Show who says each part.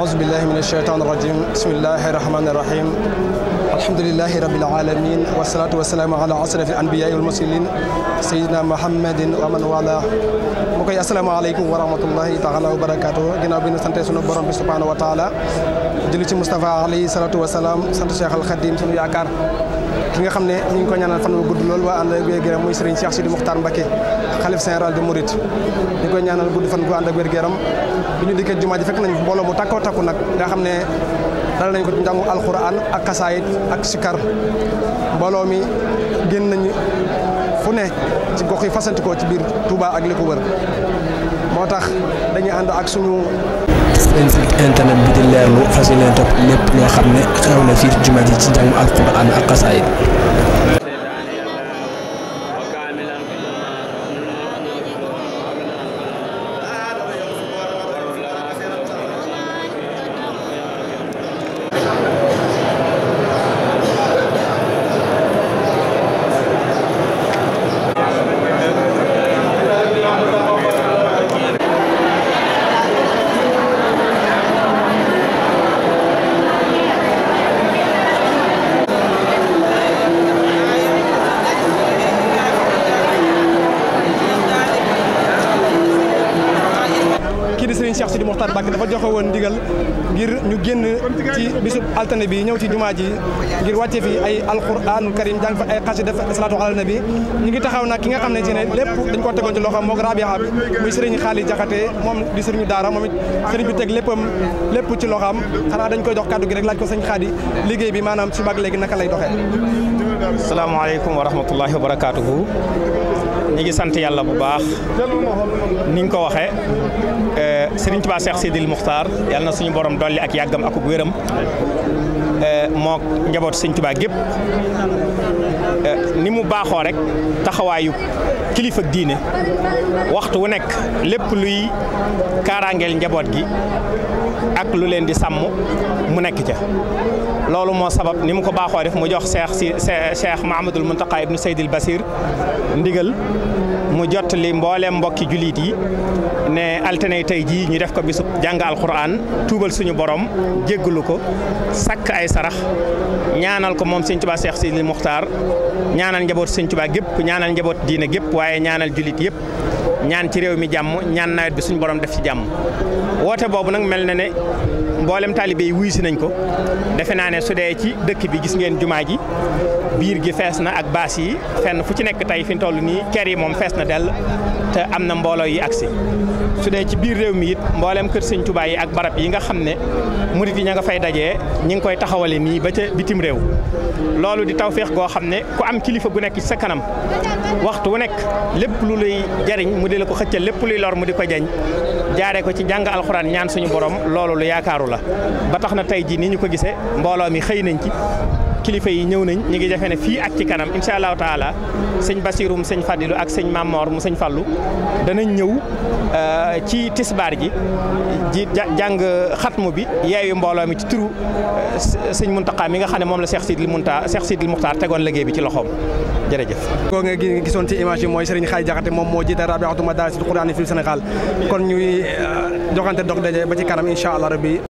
Speaker 1: أعوذ بالله من الشيطان الرجيم بسم الله الرحمن الرحيم الحمد لله رب العالمين والصلاة والسلام على أشرف الأنبياء والمرسلين سيدنا محمد ومن والاه مكي السلام عليكم ورحمة الله تعالى وبركاته جناب بن سنتي سنو بروم سبحانه وتعالى جليتي مصطفى عليه الصلاة والسلام سنتي شيخ الخديم سنو ياكار ki nga xam ne ñu ngi ko ñaanal fan wu gudd lool waa ànd ak wér-gu-yaram muy Serigne Cheikh Sidi Mokhtar Mbacké xalif général de Mouride ñu koy ñaanal gudd fan gu ànd ak wér-gu-yaram bi ñu dikkee jumaa ji fekk nañ mbooloo mu takkoo takku nag nga xam ne dal nañ ko ci njàngu alxuraan ak xasaayit ak sikar mbooloo mi génn nañu fu ne ci gox yi fasantikoo ci biir Touba ak li ko wër motax dañu ànd ak suñu internet bi di leerlu fas top lépp lo xamne xewna fi na ji ci jàngu alquran ak xasaayid di Serigne Cheikh Sidi Mokhtar Mbacke dafa joxe woon ndigal ngir ñu génn ci bisub altane bi ñëw ci jumaa ji ngir wàcce fi ay alquranul karim jàng fa ay xasida def salaatu na bi ñu ngi taxaw nag ki nga xam ne ci ne lépp dañ ko tegoon ci loxo mook rabiha bi muy Serigne Xaali Jaxate moom di Serigne daara moom it Serigne bi teg léppam lépp ci loxoom xanaa dañ koy jox kàddu gi rek laaj ko sëñ Xaadi liggéey bi maanaam ci bag léegi naka lay doxee
Speaker 2: salaamaaleykum wa rahmatullahi wa barakatuhu ñi sant yàlla bu baax ni nga waxe waxee Serigne Touba Cheikh Sidil mukhtar yàlla na suñu borom dolli ak yagam ak wéram mo njabot Serigne Touba gep ni mu baxo rek taxawayu kilifa diine waxtu wu nek lépp luy karangel njabot gi ak lu len di sàmm mu nek ci lolu mo sabab ni mu ko baxo def mu jox Cheikh Cheikh Mahamadul Muntaqa sayyid al Basir ndigal mu jot li mbooleem mbokki jullit yi ne altine tey jii ñu def ko bisub jàng alxuraan tuubal suñu borom jéggalu ko sakk ay sarax ñaanal ko moom sëñ Tuubaa Seex Sidi Muxtaar ñaanal njaboot sëñ Tuubaa gépp ñaanal njaboot diine gépp waaye ñaanal jullit yëpp ñaan ci réew mi jàmm ñaan nawet bi suñu borom def ci jàmm woote boobu nag mel na ne mbooleem taalibe yi wuyu nañ ko defe naa ne su dee ci dëkk bi gis ngeen jumaa ji biir gi fees na ak baas yi fenn fu ci nekk tey fi mu toll nii ker yi moom fees na dell te am na mbooloo yi agsi su dee ci biir réew mi it mboolem kër sëñ Tuubaa yi ak barab yi nga xam ne murit yi ña nga fay daje ñi ngi koy taxawale nii ba ca bitim réew loolu di tawféex goo xam ne ku am kilifa gu nekk sa kanam di la ko xëccal lépp luy lor mu di ko jañ jaare ko ci jàng alxuraan ñaan suñu borom loolu lu yaakaaru la ba tax na tey jii ni ñu ko gisee mbooloo mi xëy nañ ci kilifa yi ñëw nañ ñu ngi defe ne fii ak ci kanam incha allahu taala sëñ Basirum sëñ Fadilu ak sëñ Mamor mu sëñ Fallu danañ ñëw euh, ci tisbaar ji ji jàng xatmu bi yeewi mbooloo mi ci turu euh, sëñ Muntaqa mi nga xam ne moom la Cheikh Sidil Munta Cheikh Sidil Muxtaar tegoon liggéey bi ci loxoom jërëjëf. koo nga gisoon ci image mooy mooy Serigne Xaay Jaxate moom moo
Speaker 1: jiite Rabiatul Madaaris Quraan fii Sénégal kon ñuy euh, joxante dox daje ba ci kanam incha allah